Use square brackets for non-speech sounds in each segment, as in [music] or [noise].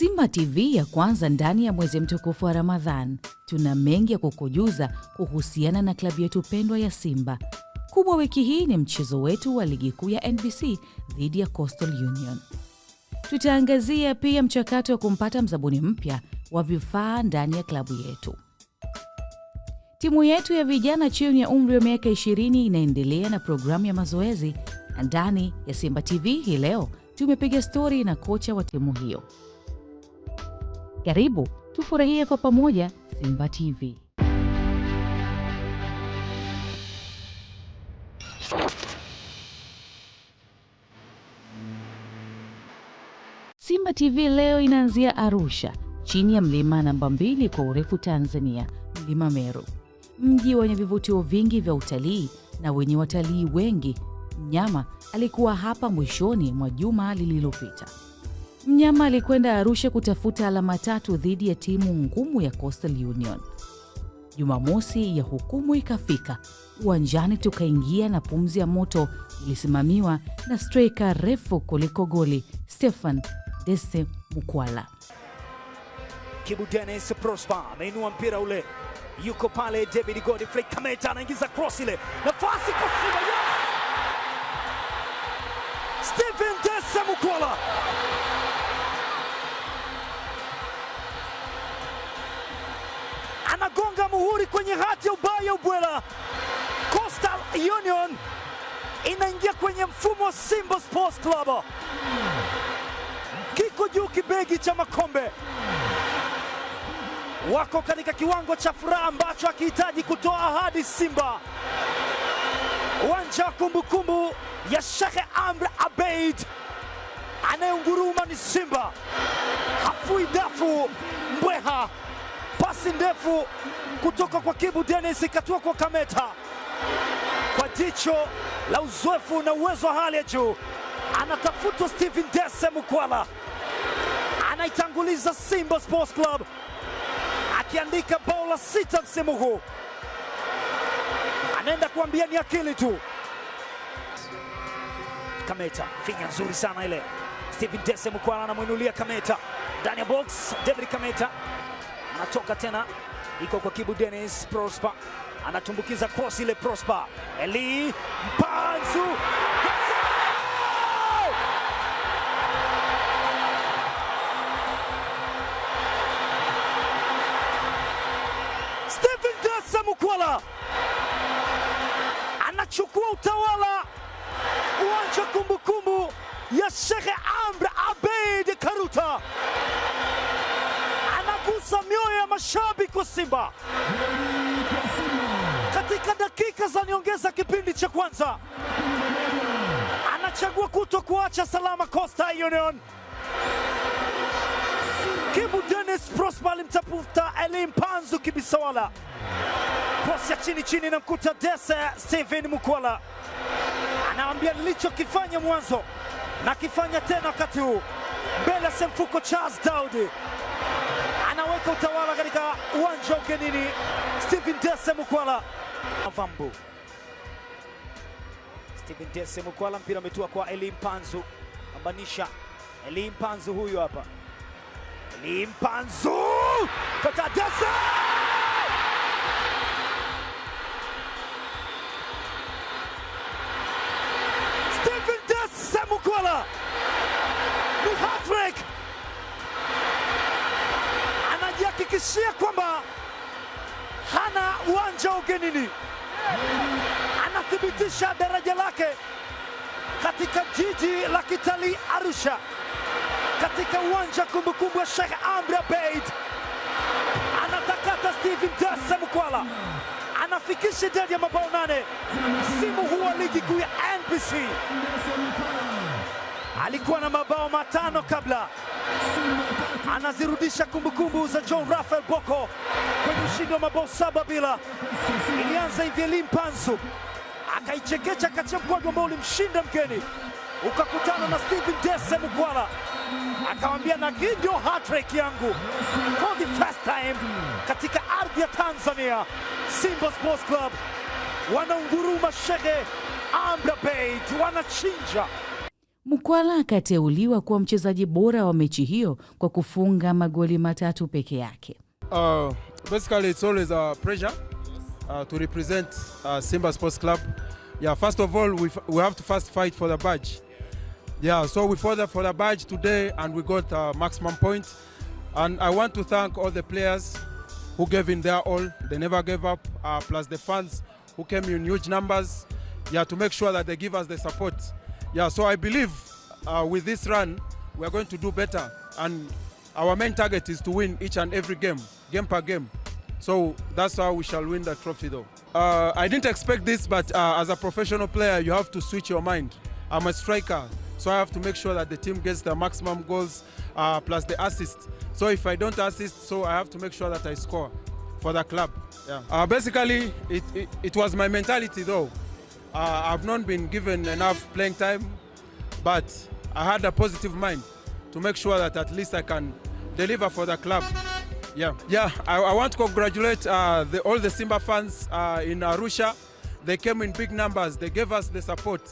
Simba TV ya kwanza ndani ya mwezi mtukufu wa Ramadhan, tuna mengi ya kukujuza kuhusiana na klabu yetu pendwa ya Simba. Kubwa wiki hii ni mchezo wetu wa ligi kuu ya NBC dhidi ya Coastal Union. Tutaangazia pia mchakato wa kumpata mzabuni mpya wa vifaa ndani ya klabu yetu. Timu yetu ya vijana chini ya umri wa miaka 20 inaendelea na programu ya mazoezi, na ndani ya Simba TV hii leo tumepiga stori na kocha wa timu hiyo. Karibu tufurahie kwa pamoja Simba TV. Simba TV leo inaanzia Arusha, chini ya mlima namba mbili kwa urefu Tanzania, Mlima Meru, mji wenye vivutio vingi vya utalii na wenye watalii wengi. Mnyama alikuwa hapa mwishoni mwa juma lililopita. Mnyama alikwenda Arusha kutafuta alama tatu dhidi ya timu ngumu ya Coastal Union. Jumamosi ya hukumu ikafika uwanjani, tukaingia na pumzi ya moto ilisimamiwa na straika refu kuliko goli Stefan Dese Mukwala. Kibu Denis Prosper ameinua mpira ule, yuko pale David Godfrey Kameta anaingiza cross ile, nafasi kwa Simba. Yes! Stephen Dese Mukwala ya Ubaya Ubwela, Coastal Union inaingia kwenye mfumo Simba Sports Club, kiko juu kibegi cha makombe, wako katika kiwango cha furaha ambacho akihitaji kutoa ahadi Simba. Uwanja wa kumbukumbu ya Sheikh amr Abeid, anayeunguruma ni Simba, hafui dafu mbweha, pasi ndefu kutoka kwa Kibu Dennis ikatua kwa Kameta kwa jicho la uzoefu na uwezo wa hali ya juu. Anatafutwa Stephen Dese Mukwala, anaitanguliza Simba Sports Club akiandika bao la sita msimu huu. Anaenda kuambia ni akili tu. Kameta finya nzuri sana ile. Stephen Dese Mukwala anamwinulia Kameta ndani ya box. David Kameta anatoka tena iko kwa Kibu Dennis. Prosper anatumbukiza cross ile, Prosper Eli Mpanzu Stephen Dasa Mukwala anachukua utawala uwanja kumbukumbu ya Sheikh Amr Abeid Karuta kugusa mioyo ya mashabiki wa Simba katika dakika za niongeza kipindi cha kwanza. Anachagua kuto kuacha salama Costa Union. Kibu Dennis Prosper alimtafuta Elim Panzu Kibisawala, kosi ya chini chini, na mkuta Dese Steven Mukwala anawambia nilichokifanya mwanzo na kifanya tena wakati huu mbele ya Semfuko Charles Daudi kuweka utawala katika uwanja wa ugenini. Stephen Dese Mukwala Avambu, Stephen Dese Mukwala, mpira umetua kwa Eli Mpanzu, ambanisha Eli Mpanzu, huyu hapa Eli Mpanzu kata Dese anamhakikishia kwamba hana uwanja ugenini, anathibitisha daraja lake katika jiji la kitalii Arusha, katika uwanja kumbukumbu wa Sheikh Amri Abeid. Anatakata stehen Dase Mukwala, anafikisha idadi ya mabao nane msimu huu wa ligi kuu ya NBC. Alikuwa na mabao matano kabla anazirudisha kumbukumbu za John Rafael Boko kwenye ushindi wa mabao saba bila. Ilianza hivi Elim Panzu akaichekecha kati ya mkwaju ambao ulimshinda mgeni, ukakutana na Steven Dese Mukwala akawambia, na hii ndio yangu for the first time katika ardhi ya Tanzania. Simba Sports Club wanaunguruma, Shehe Amra wanachinja Mukwala akateuliwa kuwa mchezaji bora wa mechi hiyo kwa kufunga magoli matatu peke yake. Uh, basically it's always a pressure uh, to represent uh, Simba Sports Club. Yeah, first of all, we, we have to first fight for the badge. Yeah, so we fought for the badge today and we got uh, maximum point. And I want to thank all the players who gave in their all. They never gave up, uh, plus the fans who came in huge numbers. Yeah, to make sure that they give us the support. Yeah, so I believe uh, with this run, we are going to do better. And our main target is to win each and every game, game per game. So that's how we shall win the trophy, though. Uh, I didn't expect this, but uh, as a professional player, you have to switch your mind. I'm a striker, so I have to make sure that the team gets the maximum goals uh, plus the assist. So if I don't assist, so I have to make sure that I score for the club. Yeah. Uh, basically, it, it, it was my mentality, though. Uh, I've not been given enough playing time, but I had a positive mind to make sure that at least I can deliver for the club. Yeah, yeah. I, I want to congratulate uh, the, all the Simba fans uh, in Arusha. They came in big numbers. They gave us the support.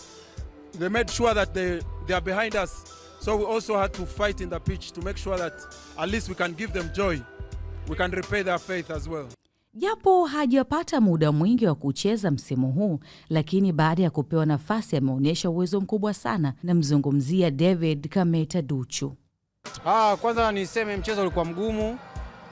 They made sure that they, they are behind us. So we also had to fight in the pitch to make sure that at least we can give them joy. We can repay their faith as well. Japo hajapata muda mwingi wa kucheza msimu huu, lakini baada ya kupewa nafasi ameonyesha uwezo mkubwa sana. Namzungumzia David Kameta Duchu. Ah, kwanza niseme mchezo ulikuwa mgumu,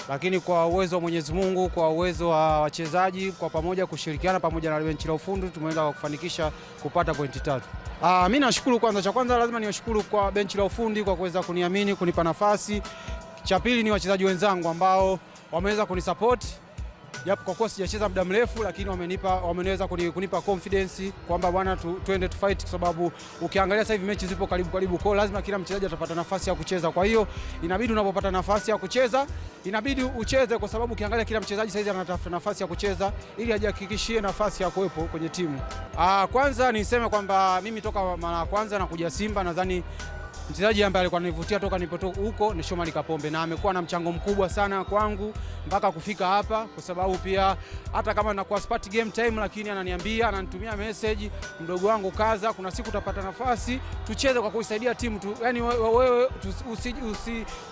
lakini kwa uwezo wa Mwenyezi Mungu, kwa uwezo wa wachezaji, kwa pamoja kushirikiana pamoja na benchi la ufundi tumeweza kufanikisha kupata pointi tatu. Ah, mimi nashukuru kwanza, cha kwanza lazima niwashukuru kwa benchi la ufundi kwa kuweza kuniamini, kunipa nafasi. Cha pili ni wachezaji wenzangu ambao wameweza kunisapoti japo kwa kuwa sijacheza muda mrefu, lakini wamenipa wameweza kunipa confidence kwamba bwana tu, tuende tu fight, kwa sababu ukiangalia sasa hivi mechi zipo karibu karibu, kwa lazima kila mchezaji atapata nafasi ya kucheza. Kwa hiyo inabidi unapopata nafasi ya kucheza inabidi ucheze, kwa sababu ukiangalia kila mchezaji sasa hivi anatafuta nafasi ya kucheza ili ajihakikishie nafasi ya kuwepo kwenye timu. Aa, ah, kwanza niseme kwamba mimi toka mara ya kwanza nakuja Simba nadhani Mchezaji ambaye alikuwa ananivutia toka nilipotoka huko ni Shomari Kapombe, na amekuwa na mchango mkubwa sana kwangu mpaka kufika hapa, kwa sababu pia hata kama nakuwa spati game time, lakini ananiambia, ananitumia message, mdogo wangu kaza, kuna siku utapata nafasi tucheze kwa kuisaidia timu tu, yani wewe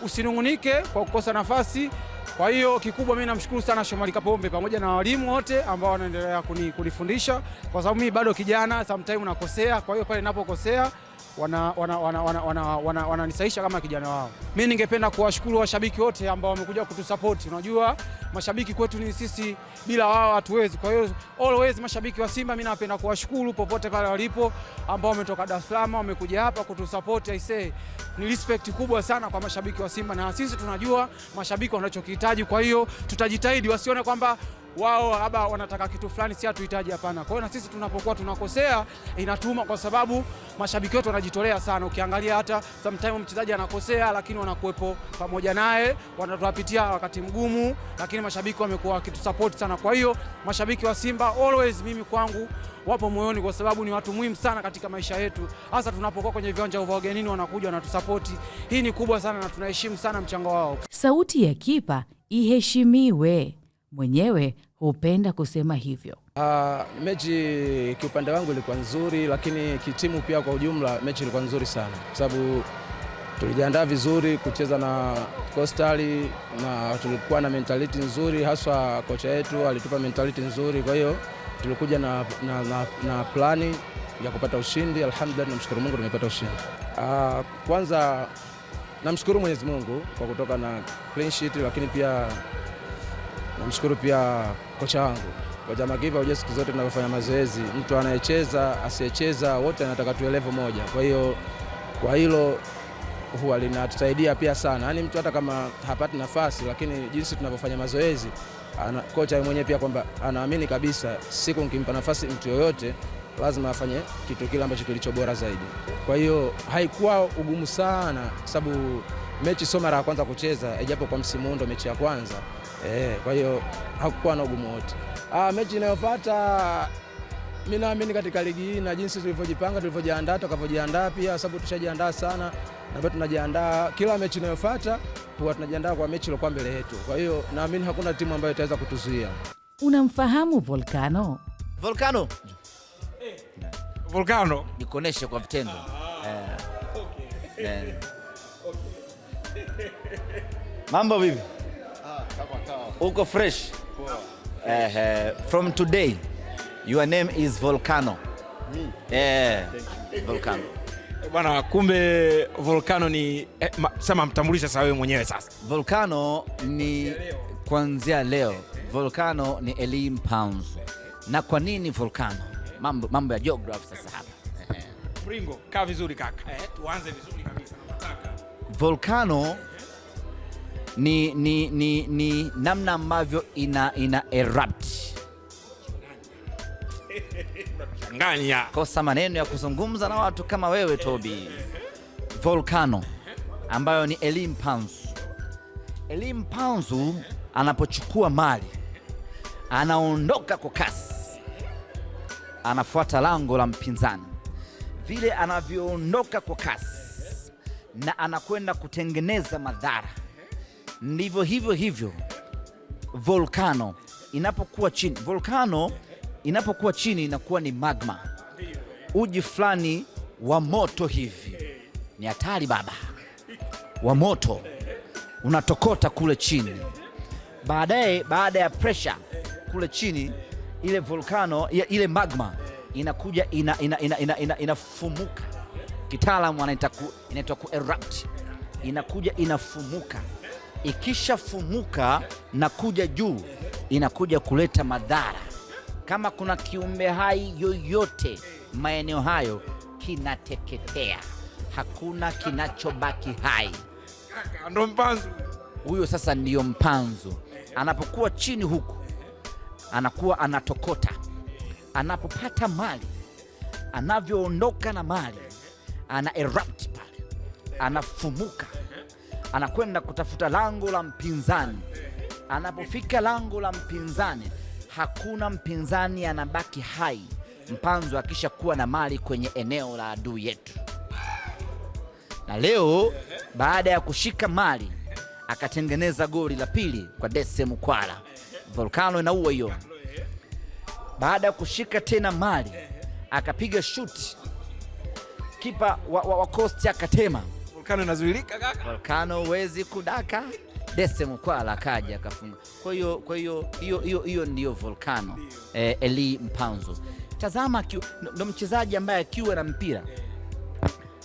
usinungunike kwa kukosa nafasi. Kwa hiyo kikubwa mimi namshukuru sana Shomari Kapombe pamoja na walimu wote ambao wanaendelea kunifundisha, kwa sababu mimi bado kijana, sometimes nakosea. Kwa hiyo pale ninapokosea wananisaisha wana, wana, wana, wana, wana, wana kama kijana wao. Mi ningependa kuwashukuru washabiki wote ambao wamekuja kutusapoti. Unajua mashabiki kwetu ni sisi, bila wao hatuwezi. Kwa hiyo always mashabiki wa Simba mi napenda kuwashukuru popote pale walipo, ambao wametoka Dar es Salaam wamekuja hapa kutusapoti. Aisee, ni respect kubwa sana kwa mashabiki wa Simba, na sisi tunajua mashabiki wanachokihitaji. Kwa hiyo tutajitahidi wasione kwamba wao labda wanataka kitu fulani, si hatuhitaji. Hapana. Kwa hiyo na sisi tunapokuwa tunakosea inatuma, kwa sababu mashabiki wetu wanajitolea sana. Ukiangalia hata sometimes mchezaji anakosea, lakini wanakuwepo pamoja naye, wanatupitia wakati mgumu, lakini mashabiki wamekuwa wakitusupport sana. Kwa hiyo mashabiki wa Simba always, mimi kwangu wapo moyoni kwa sababu ni watu muhimu sana katika maisha yetu, hasa tunapokuwa kwenye viwanja vya ugenini, wanakuja wanatusapoti. Hii ni kubwa sana na tunaheshimu sana mchango wao. Sauti ya kipa iheshimiwe mwenyewe hupenda kusema hivyo. Uh, mechi kiupande wangu ilikuwa nzuri, lakini kitimu pia kwa ujumla mechi ilikuwa nzuri sana, kwa sababu tulijiandaa vizuri kucheza na Kostali na tulikuwa na mentality nzuri, haswa kocha yetu alitupa mentality nzuri. Kwa hiyo tulikuja na, na, na, na plani ya kupata ushindi. Alhamdulillah, namshukuru Mungu tumepata ushindi. Uh, kwanza namshukuru Mwenyezi Mungu kwa kutoka na clean sheet, lakini pia Namshukuru pia kocha wangu kocha Makipa. uje siku zote tunapofanya mazoezi, mtu anayecheza asiyecheza, wote anataka tuwe level moja. Kwa hiyo kwa hilo huwa linatusaidia pia sana, yaani mtu hata kama hapati nafasi, lakini jinsi tunavyofanya mazoezi ana, kocha mwenyewe pia kwamba anaamini kabisa siku nikimpa nafasi mtu yoyote lazima afanye kitu kile ambacho kilicho bora zaidi. Kwa hiyo haikuwa ugumu sana, sababu mechi sio mara ya kwanza kucheza, ijapo kwa msimu huu ndo mechi ya kwanza. Eh, kwa hiyo hakukuwa na ugumu wote. Ah, mechi inayofuata mimi naamini katika ligi hii na jinsi tulivyojipanga, tulivyojiandaa, tukavyojiandaa pia, sababu tushajiandaa sana na tunajiandaa kila mechi inayofuata huwa tunajiandaa kwa mechi iliyokuwa mbele yetu. Kwa hiyo naamini hakuna timu ambayo itaweza kutuzuia. Unamfahamu Volcano? Volcano. Hey. Volcano. Nikoneshe kwa vitendo. Ah, eh. Okay. Eh. [laughs] Okay. Mambo vipi? uko fresh. Uh, uh, from today your name is Volcano. Yeah, eh, Volcano. Bwana, kumbe Volcano ni sema mtambulisha sasa wewe mwenyewe sasa. Volcano ni kuanzia leo Volcano ni Elim Pounds. Na kwa nini Volcano? Mambo mambo ya geography sasa hapa. Pringo, kaa vizuri kaka. Eh, tuanze vizuri kabisa. Volcano ni, ni, ni, ni namna ambavyo ina, ina erupt Nganya. Kosa maneno ya kuzungumza na watu kama wewe Tobi. Volcano ambayo ni elimu panzu. Elimu mpanzu anapochukua mali anaondoka kwa kasi, anafuata lango la mpinzani. Vile anavyoondoka kwa kasi na anakwenda kutengeneza madhara ndivyo hivyo hivyo volkano inapokuwa chini, volkano inapokuwa chini inakuwa ni magma, uji fulani wa moto hivi. Ni hatari baba, wa moto unatokota kule chini. Baadaye baada ya presha kule chini, ile volkano ile magma inakuja inafumuka, ina, ina, ina, ina, ina kitaalamu inaitwa ku erupt, inakuja inafumuka ikishafumuka na kuja juu inakuja kuleta madhara. Kama kuna kiumbe hai yoyote maeneo hayo, kinateketea, hakuna kinachobaki hai. Ndo mpanzu huyo. Sasa ndiyo mpanzu, anapokuwa chini huku anakuwa anatokota, anapopata mali, anavyoondoka na mali ana erupt pale, anafumuka anakwenda kutafuta lango la mpinzani. Anapofika lango la mpinzani, hakuna mpinzani anabaki hai. Mpanzo akisha kuwa na mali kwenye eneo la adui yetu. Na leo baada ya kushika mali akatengeneza goli la pili kwa Dese Mkwala. Volcano inaua hiyo. Baada ya kushika tena mali akapiga shuti, kipa wa, wa, wa Kosti akatema Volcano inazuilika kaka. Volcano huwezi kudaka. Dese Mkwala akaja akafunga. Kwa hiyo kwa hiyo hiyo hiyo hiyo ndiyo Volcano. Eh, Eli Mpanzu. Tazama ndo mchezaji ambaye akiwa na mpira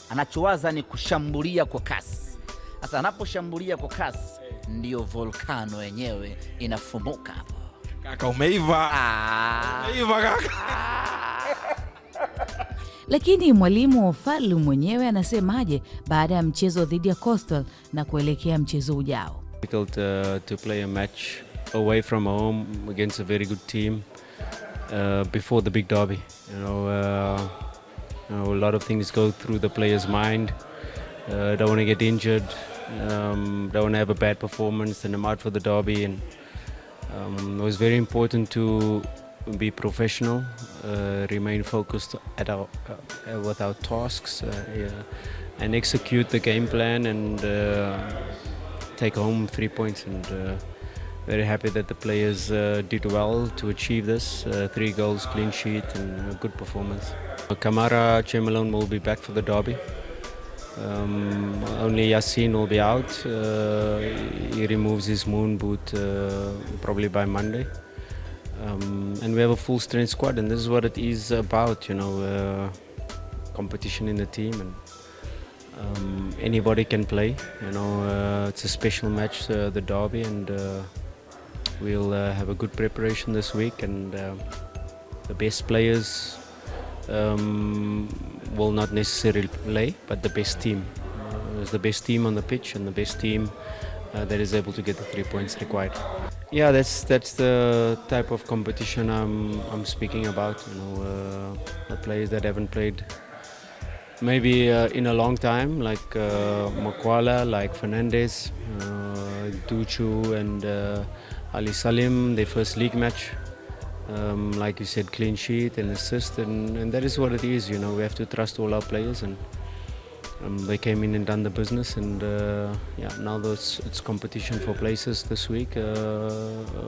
anachowaza ni kushambulia kwa kasi. Sasa anaposhambulia kwa kasi ndiyo Volcano yenyewe inafumuka hapo. Kaka umeiva. Ah. Umeiva kaka. Ah. Lakini mwalimu wa mwenyewe anasemaje baada ya mchezo dhidi ya Coastal na kuelekea mchezo ujao? Difficult uh, to play a match away from home against a very good team uh, before the big derby. You know, uh, you know, a lot of things go through the player's mind. Uh, don't want to get injured. Um, don't want to have a bad performance and I'm out for the derby and um, it was very important to be professional, uh, remain focused at our uh, with our tasks, uh, yeah, and execute the game plan and uh, take home three points. And uh, very happy that the players uh, did well to achieve this: three goals, clean sheet, and a good performance. Kamara Chamberlain will be back for the derby. Um, only Yassin will be out. he removes his moon boot probably by Monday. Um, and we have a full strength squad, and this is what it is about, you know, uh, competition in the team, and um, anybody can play. You know, uh, it's a special match, uh, the derby, and uh, we'll uh, have a good preparation this week, and uh, the best players um, will not necessarily play, but the best team. is the best team on the pitch and the best team that is able to get the three points required. Yeah, that's that's the type of competition I'm I'm speaking about. You know, uh, players that haven't played maybe uh, in a long time, like uh, Makwala, like Fernandez, uh, Duchu, and uh, Ali Salim, their first league match. Um, like you said, clean sheet and assist, and, and that is what it is. You know, we have to trust all our players and. Um, they came in and done the business, and uh, yeah, now there's, it's competition for places this week uh,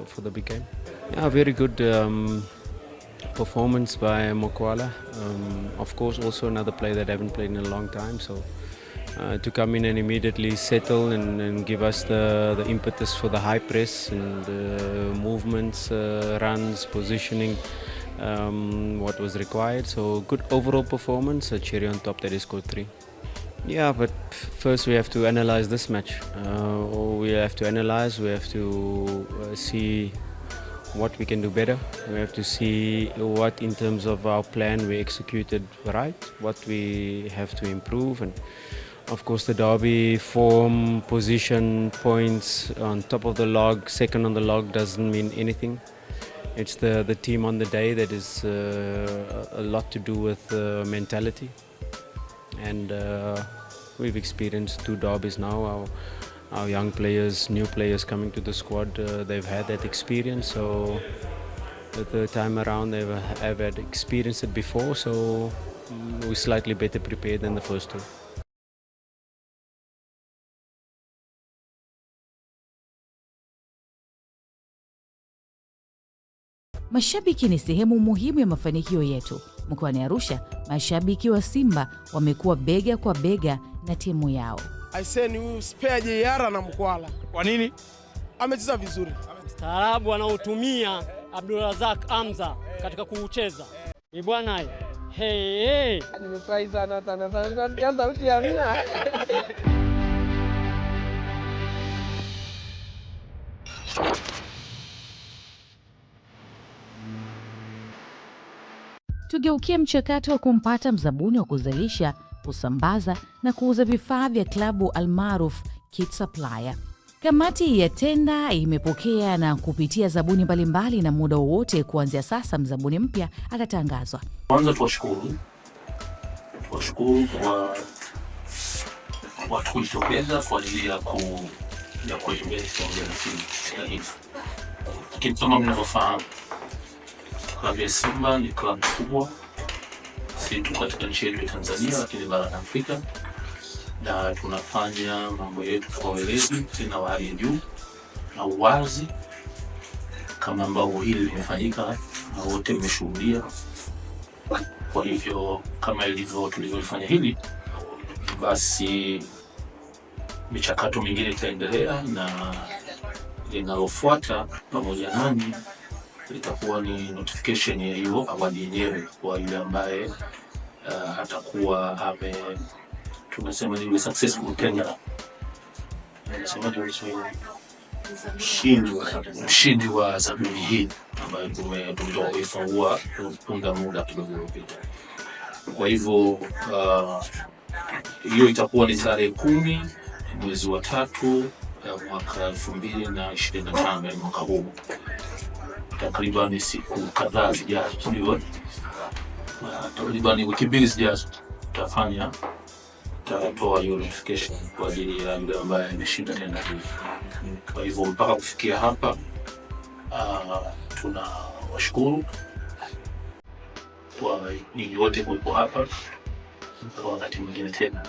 for the big game. Yeah, very good um, performance by Mokwala. Um, of course, also another player that I haven't played in a long time, so uh, to come in and immediately settle and, and, give us the, the impetus for the high press and uh, movements, uh, runs, positioning, um, what was required. So good overall performance. A cherry on top that is he three. Yeah, but first we have to analyze this match. Uh, we have to analyze, we have to uh, see what we can do better. We have to see what, in terms of our plan, we executed right, what we have to improve. And of course, the derby form, position, points on top of the log, second on the log doesn't mean anything. It's the, the team on the day that is uh, a lot to do with uh, mentality and uh, we've experienced two derbies now. Our, our, young players, new players coming to the squad, uh, they've had that experience. So the third time around, they've have had experienced it before. So we're slightly better prepared than the first two. Mashabiki ni sehemu muhimu ya mafanikio yetu. Mkoani Arusha, mashabiki wa Simba wamekuwa bega kwa bega na timu yao. Aiseni, huyu spea na Mkwala, kwa nini? Amecheza vizuri, staarabu anaotumia abdurazak amza katika kuucheza ni bwana hey, hey. [laughs] Tugeukie mchakato wa kumpata mzabuni wa kuzalisha, kusambaza na kuuza vifaa vya klabu almaruf kit supplier. Kamati ya tenda imepokea na kupitia zabuni mbalimbali, na muda wowote kuanzia sasa mzabuni mpya atatangazwa. Kwanza tuwashukuru, tuwashukuru kwa watu kujitokeza kwa ajili ya kuja kueleza, lakini kama mnavyofahamu kama ya Simba ni klabu kubwa, si tu katika nchi yetu ya Tanzania, lakini barani Afrika, na tunafanya mambo yetu kwa weledi tena wa hali ya juu na uwazi, kama ambavyo hili limefanyika na wote mmeshuhudia. Kwa hivyo kama ilivyo tulivyofanya hili, basi michakato mingine itaendelea na linalofuata pamoja nani itakuwa ni notification ya hiyo awadi yenyewe kwa yule ambaye uh, atakuwa ame tunasema ni successful tender, mshindi wa zabuni hii ambayo tumetoka kuifungua punde muda kidogo uliopita. Kwa hivyo uh, hiyo uh, itakuwa ni tarehe kumi mwezi wa tatu mwaka elfu mbili na ishirini na tano mwaka huu takriban siku kadhaa zijazo, sio takriban wiki mbili zijazo, tutafanya tutatoa hiyo notification kwa ajili ya yule ambaye ameshinda tena Kwa hivyo mpaka kufikia hapa, ah, tuna washukuru kwa ninyi wote kuwepo hapa mpaka wakati mwingine tena.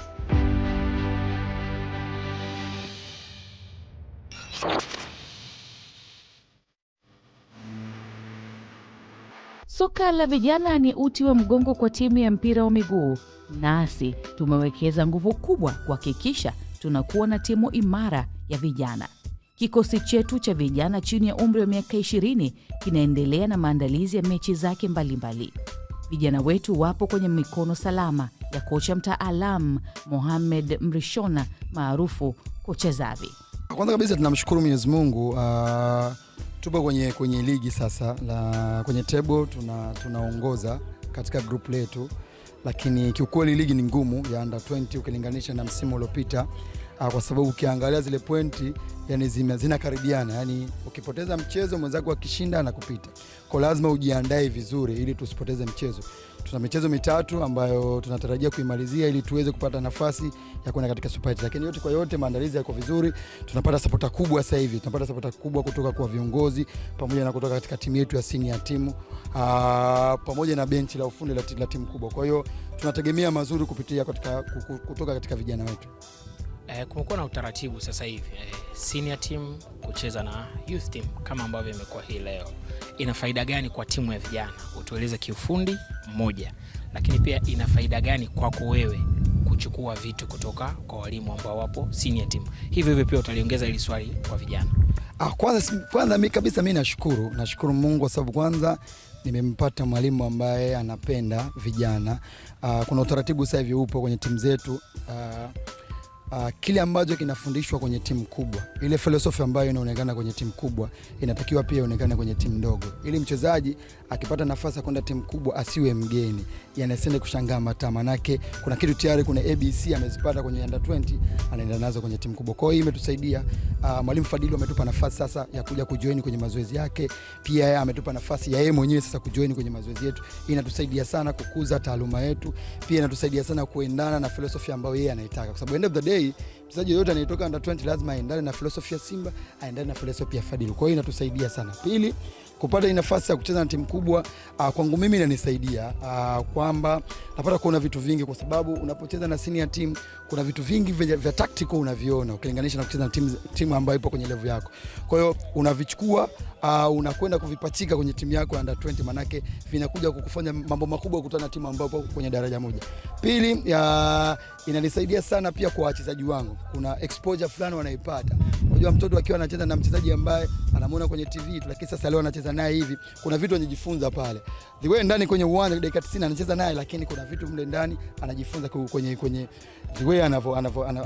Soka la vijana ni uti wa mgongo kwa timu ya mpira wa miguu, nasi tumewekeza nguvu kubwa kuhakikisha tunakuwa na timu imara ya vijana. Kikosi chetu cha vijana chini ya umri wa miaka 20 kinaendelea na maandalizi ya mechi zake mbalimbali. Vijana wetu wapo kwenye mikono salama ya kocha mtaalam Mohamed Mrishona maarufu kocha Zavi. Kwanza kabisa tunamshukuru Mwenyezi Mungu uh tupo kwenye, kwenye ligi sasa la, kwenye table tuna, tunaongoza katika group letu, lakini kiukweli ligi ni ngumu ya under 20 ukilinganisha na msimu uliopita. Ah, kwa sababu ukiangalia zile pointi yani zime, zinakaribiana, yani ukipoteza mchezo mwenzako akishinda anakupita, kwa lazima ujiandae vizuri ili tusipoteze mchezo. Tuna michezo mitatu ambayo tunatarajia kuimalizia ili tuweze kupata nafasi ya kwenda katika Super lakini yote kwa yote maandalizi yako vizuri. Tunapata sapota kubwa sasa hivi, tunapata sapota kubwa kutoka kwa viongozi pamoja na kutoka katika timu yetu ya senior timu aa, ah, pamoja na benchi la ufundi la timu kubwa. Kwa hiyo tunategemea mazuri kupitia katika, kutoka katika vijana wetu. E, kumekuwa na utaratibu sasa hivi e, senior team kucheza na youth team kama ambavyo imekuwa hii leo. Ina faida gani kwa timu ya vijana? Utueleze kiufundi mmoja, lakini pia ina faida gani kwako wewe kuchukua vitu kutoka kwa walimu ambao wapo senior team? Hivyo hivyo pia utaliongeza hili swali kwa vijana. Ah, kwanza kwanza kabisa mi nashukuru, nashukuru Mungu kwa sababu kwanza nimempata mwalimu ambaye anapenda vijana. Ah, kuna utaratibu sasa hivi upo kwenye timu zetu ah, uh, kile ambacho kinafundishwa kwenye timu kubwa, ile filosofi ambayo inaonekana kwenye timu kubwa inatakiwa pia ionekane kwenye timu ndogo, ili mchezaji akipata nafasi ya kwenda timu kubwa asiwe mgeni, yani asiende kushangaa mataa, manake kuna kitu tayari, kuna ABC amezipata kwenye under 20 anaenda nazo kwenye timu kubwa. Kwa hiyo imetusaidia uh, mwalimu Fadili ametupa nafasi sasa ya kuja kujoin kwenye mazoezi yake, pia ametupa nafasi ya yeye mwenyewe sasa kujoin kwenye mazoezi yetu. Inatusaidia sana kukuza taaluma yetu, pia inatusaidia sana kuendana na filosofi ambayo yeye anaitaka, kwa sababu end of the day aí. mchezaji yoyote anayetoka under 20 lazima aendane na philosophy ya Simba, aendane na philosophy ya Fadlu. Kwa hiyo inatusaidia sana. Pili, kupata nafasi ya kucheza na timu kubwa ah, kwangu mimi inanisaidia ah, kwamba napata kuona vitu vingi, kwa sababu unapocheza na senior team kuna vitu vingi vya, vya tactical unaviona ukilinganisha na kucheza na timu, timu ambayo ipo kwenye level yako. Kwa hiyo unavichukua uh, unakwenda kuvipachika kwenye timu yako ya under 20, manake vinakuja kukufanya mambo makubwa kukutana na timu ambayo kwenye daraja moja. Pili, uh, inanisaidia sana pia kwa wachezaji wangu kuna exposure fulani wanaipata. Unajua, mtoto akiwa anacheza na mchezaji ambaye anamuona kwenye TV, lakini sasa leo anacheza naye hivi, kuna vitu anajifunza pale. The way ndani kwenye uwanja dakika 90 anacheza naye, lakini kuna vitu mle ndani anajifunza kwenye kwenye the way anavyo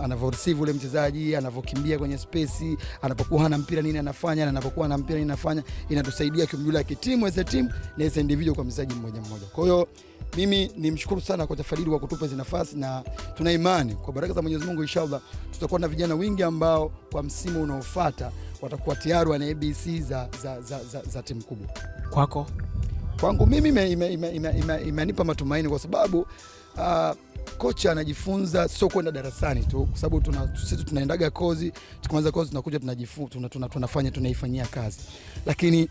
anavyo receive ule mchezaji, anavyokimbia kwenye space, anapokuwa na mpira nini anafanya, na anapokuwa na mpira nini anafanya, inatusaidia kimjula kitimu as a team na as individual kwa mchezaji mmoja mmoja. Kwa hiyo mimi ni mshukuru sana kwa tafadhali kwa kutupa hizi nafasi, na tuna imani kwa baraka za Mwenyezi Mungu inshallah tutakuwa na vijana wingi ambao kwa msimu unaofuata watakuwa tayari wana ABC za, za, za, za, za timu kubwa. Kwako? Kwangu mimi imenipa ime, ime, ime, ime, ime matumaini kwa sababu uh, kocha anajifunza sio kwenda darasani tu, kwa sababu tuna, sisi tunaendaga kozi, tukianza kozi tunakuja tunajifunza, tunafanya tunaifanyia kazi lakini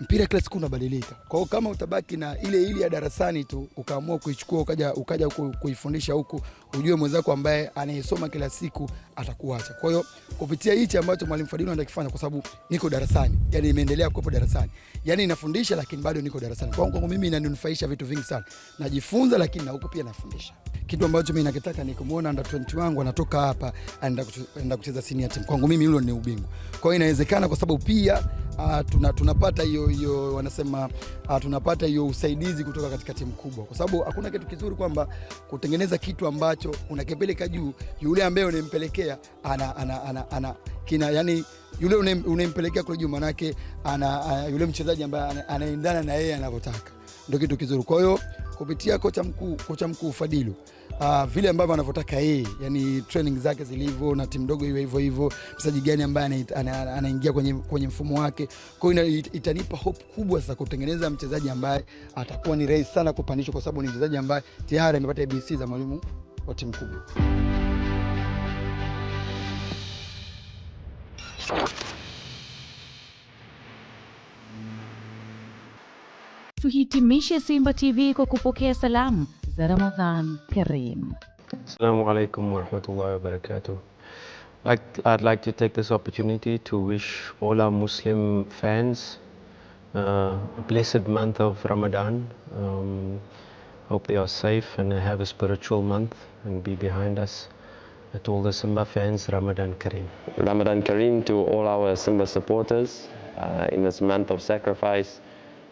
mpira kila siku unabadilika. Kwa hiyo kama utabaki na ile ile ya darasani tu ukaamua kuichukua ukaja, ukaja kuifundisha huku, ujue mwenzako ambaye anayesoma kila siku atakuacha. Kwa hiyo kupitia hichi ambacho mwalimu Fadhili anakifanya, kwa sababu niko darasani, yani imeendelea kuwepo darasani, yani inafundisha lakini bado niko darasani. Kwangu kwangu mimi inaninufaisha vitu vingi sana, najifunza lakini na huku pia nafundisha. Kitu ambacho mimi nakitaka ni kumuona under 20 wangu anatoka hapa anaenda kucheza senior team. Kwangu mimi hilo ni ubingwa. Kwa hiyo inawezekana, kwa sababu pia uh, tuna, tunapata hiyo hiyo wanasema uh, tunapata hiyo usaidizi kutoka katika timu kubwa, kwa sababu hakuna kitu kizuri kwamba kutengeneza kitu ambacho unakipeleka juu, yule ambaye unampelekea ana, ana, ana, ana kina yani yule unempelekea kule juu, manake ana, ah, yule mchezaji ambaye anaendana na yeye anavyotaka, ndio kitu kizuri. Kwa hiyo kupitia kocha mkuu, kocha mkuu Fadilu uh, vile ambavyo anavyotaka yeye, yani training zake zilivyo na timu ndogo iwe hivyo hivyo, mchezaji gani ambaye anaingia kwenye, kwenye mfumo wake. Kwa hiyo itanipa hope kubwa sasa kutengeneza mchezaji ambaye atakuwa ni rahisi sana kupandishwa, kwa sababu ni mchezaji ambaye tayari amepata ABC za mwalimu wa timu kubwa. Tuhitimishe Simba TV kwa kupokea salamu za Ramadhan Karim. Assalamu alaikum wa rahmatullahi wa barakatuh. Like, I'd like to take this opportunity to wish all our Muslim fans uh, a blessed month of Ramadan. Um, hope they are safe and have a spiritual month and be behind us. And to all the Simba fans, Ramadan Kareem. Ramadan Kareem to all our Simba supporters uh, in this month of sacrifice.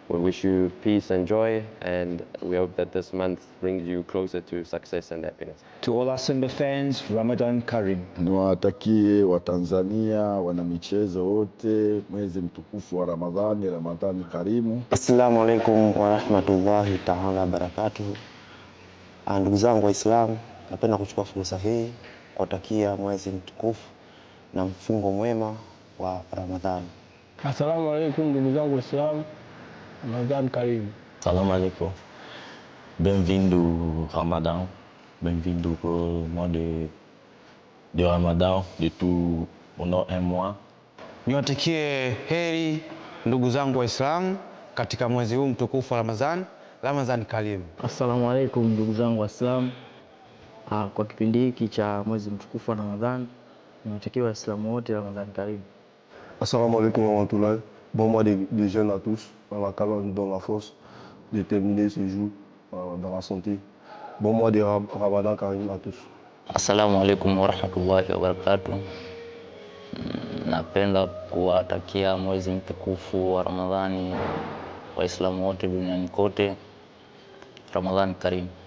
We wish you peace and joy, and we hope that this month brings you closer to success and happiness. To all our Simba fans, Ramadan Karim. Niwatakie Watanzania, wanamichezo wote, mwezi mtukufu wa Ramadhani, Ramadhani karimu. Assalamu alaikum warahmatullahi taala wabarakatuhu. Ah, ndugu zangu Waislamu, napenda kuchukua fursa hii kuwatakia mwezi mtukufu na mfungo mwema wa Ramadhani. Assalamu alaikum ndugu zangu Waislamu. Ramadan Karim. Salam alaikum. Bienvenue au Ramadan. Bienvenue au mois de, de Ramadan, de tout pendant un mois. Niwatakie heri ndugu zangu Waislamu katika mwezi huu mtukufu wa Ramadhan. Ramadhan karimu. Assalamu alaikum ndugu zangu Waislamu. Ah, kwa kipindi hiki cha mwezi mtukufu wa Ramadhan, niwatakie Waislamu wote Ramadhan karimu. Assalamu alaikum warahmatullahi. Bon mois de, jeune jeûne tous on va quand même dans la force de terminer ce jour euh, dans la santé. Bon mois de Ramadan Karim à tous. Assalamu alaikum warahmatullahi wabarakatuh. Hmm, napenda kuwatakia mwezi mtukufu wa Ramadhani Waislamu wote duniani kote, Ramadhani Karimu.